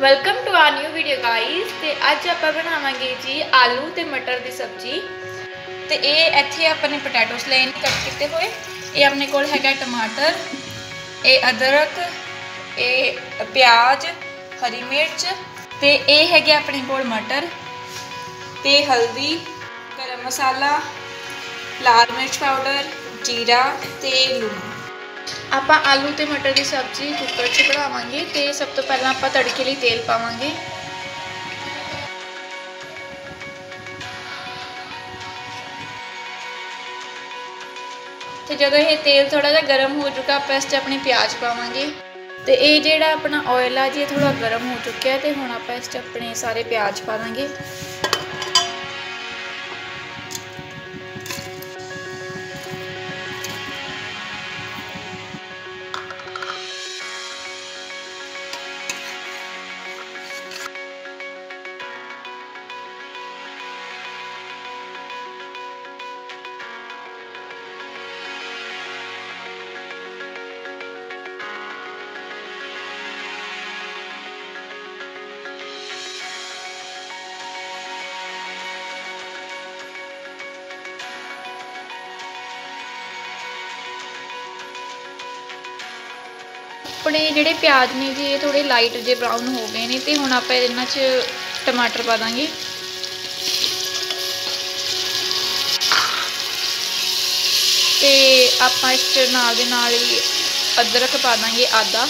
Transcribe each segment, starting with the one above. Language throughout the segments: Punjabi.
Welcome to a new video guys ਤੇ ਅੱਜ ਆਪਾਂ ਬਣਾਵਾਂਗੇ ਜੀ ਆਲੂ ਤੇ ਮਟਰ ਦੀ ਸਬਜ਼ੀ ਤੇ ਇਹ ਇੱਥੇ ਆਪਾਂ ਨੇ ਪੋਟੈਟੋਸ ਲੈ ਇਨ ਕੱਟ ਕੀਤੇ ਹੋਏ ਇਹ ਆਪਣੇ ਕੋਲ ਹੈਗਾ ਟਮਾਟਰ ਇਹ ਅਦਰਕ ਇਹ ਪਿਆਜ਼ ਹਰੀ ਮਿਰਚ ਤੇ ਇਹ ਹੈਗੇ ਆਪਣੇ ਕੋਲ ਮਟਰ ਤੇ ਹਲਦੀ ਗਰਮ ਮਸਾਲਾ ਲਾਲ ਮਿਰਚ ਪਾਊਡਰ ਜੀਰਾ ਤੇ ਲੂਣ ਆਪਾਂ ਆਲੂ ਤੇ ਮਟਰ ਦੀ ਸਬਜ਼ੀ ਕੁੱਕਰ 'ਚ ਬਣਾਵਾਂਗੇ ਤੇ ਸਭ ਤੋਂ ਪਹਿਲਾਂ ਆਪਾਂ ਤੜਕੇ ਲਈ ਤੇਲ ਪਾਵਾਂਗੇ ਤੇ ਜਦੋਂ ਇਹ ਤੇਲ ਥੋੜਾ ਜਿਹਾ ਗਰਮ ਹੋ ਚੁੱਕਾ ਆਪਾਂ ਇਸ 'ਚ ਆਪਣੇ ਪਿਆਜ਼ ਪਾਵਾਂਗੇ ਤੇ ਇਹ ਜਿਹੜਾ ਆਪਣਾ ਆਇਲ ਆ ਜੀ ਇਹ ਥੋੜਾ ਗਰਮ ਹੋ ਚੁੱਕਿਆ ਤੇ ਹੁਣ ਆਪਾਂ ਇਸ 'ਚ ਆਪਣੇ ਸਾਰੇ ਪਿਆਜ਼ ਪਾ ਦਾਂਗੇ ਆਪਣੇ ਜਿਹੜੇ ਪਿਆਜ਼ ਨੇ ਜੀ ਇਹ ਥੋੜੇ ਲਾਈਟ ਜੇ ਬਰਾਊਨ ਹੋ ਗਏ ਨੇ ਤੇ ਹੁਣ ਆਪਾਂ ਇਹਨਾਂ 'ਚ ਟਮਾਟਰ ਪਾ ਦਾਂਗੇ ਤੇ ਆਪਾਂ ਇਸ ਨਾਲ ਦੇ ਨਾਲ ਹੀ ਅਦਰਕ ਪਾ ਦਾਂਗੇ ਆਦਾ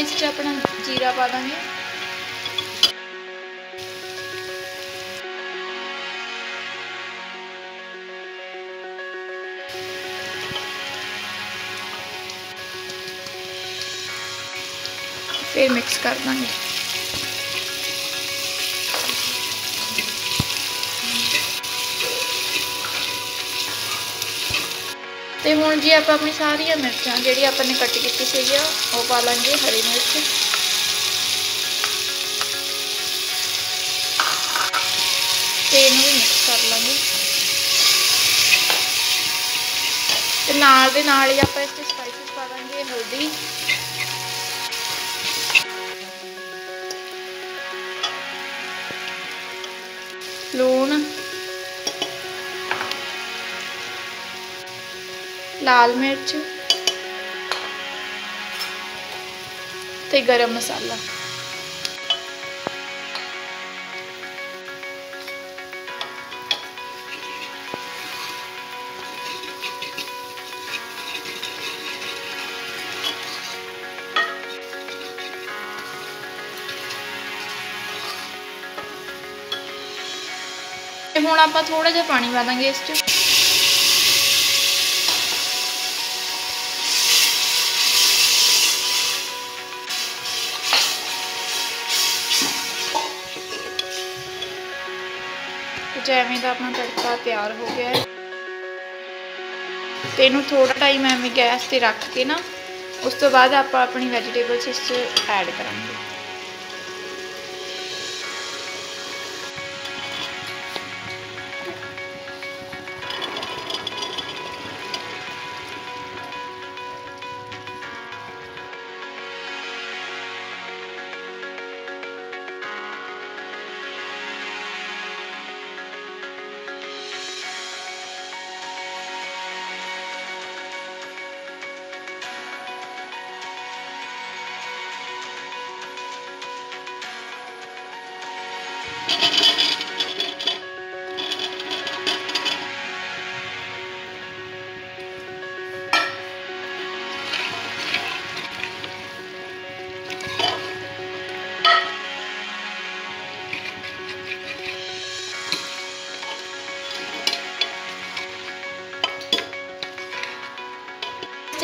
ਇਸ 'ਚ ਆਪਣਾ ਜੀਰਾ ਪਾ ਦਾਂਗੇ ਫਿਰ ਮਿਕਸ ਕਰ ਦਾਂਗੇ तो हूँ जी आप अपनी सारिया मिर्चा जी अपने कट की सही पा लेंगे हरी मिर्च मिक्स कर लेंगे आप इस स्पाइसिस पा देंगे हल्दी ਲਾਲ ਮਿਰਚ ਤੇ ਗਰਮ ਮਸਾਲਾ ਹੁਣ ਆਪਾਂ ਥੋੜਾ ਜਿਹਾ ਪਾਣੀ ਪਾ ਦਾਂਗੇ ਇਸ 'ਚ ਕੁਝ ਐਵੇਂ ਦਾ ਆਪਣਾ ਤੜਕਾ ਤਿਆਰ ਹੋ ਗਿਆ ਹੈ ਤੇ ਇਹਨੂੰ ਥੋੜਾ ਟਾਈਮ ਐਵੇਂ ਗੈਸ ਤੇ ਰੱਖ ਕੇ ਨਾ ਉਸ ਤੋਂ ਬਾਅਦ ਆਪਾਂ ਆਪਣੀ ਵੈਜੀਟੇਬਲਸ ਇਸ 'ਚ ਐਡ ਕਰਾਂਗੇ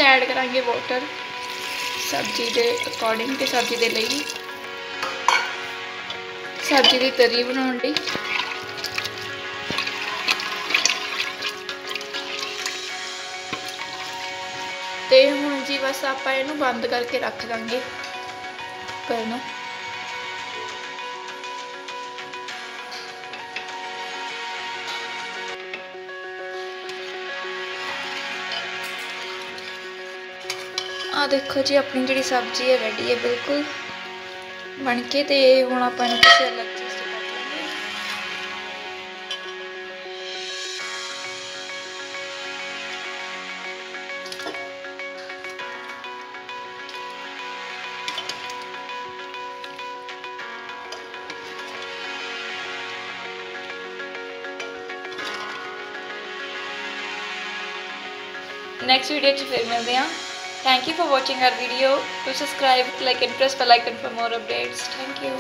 ऐड करा वॉटर सब्जी के अकॉर्डिंग सब्जी के लिए ਸਬਜ਼ੀ ਦੀ ਤਰੀ ਬਣਾਉਣ ਲਈ ਤੇ ਹੁਣ ਜੀ ਬਸ ਆਪਾਂ ਇਹਨੂੰ ਬੰਦ ਕਰਕੇ ਰੱਖ ਦਾਂਗੇ ਕਰਨਾ ਆ ਦੇਖੋ ਜੀ ਆਪਣੀ ਜਿਹੜੀ ਸਬਜ਼ੀ ਹੈ ਰੈਡੀ ਹੈ ਬਿਲਕੁਲ ਬਣ ਕੇ ਤੇ ਹੁਣ ਆਪਾਂ ਇਹਨੂੰ ਕਿਸੇ ਅਲੱਗ ਚੀਜ਼ ਤੇ ਕੱਟ ਲਾਂਗੇ ਨੈਕਸਟ ਵੀਡੀਓ 'ਚ ਫਿਰ ਮਿਲਦੇ ਹਾਂ Thank you for watching our video. Do subscribe, like and press bell icon for more updates. Thank you.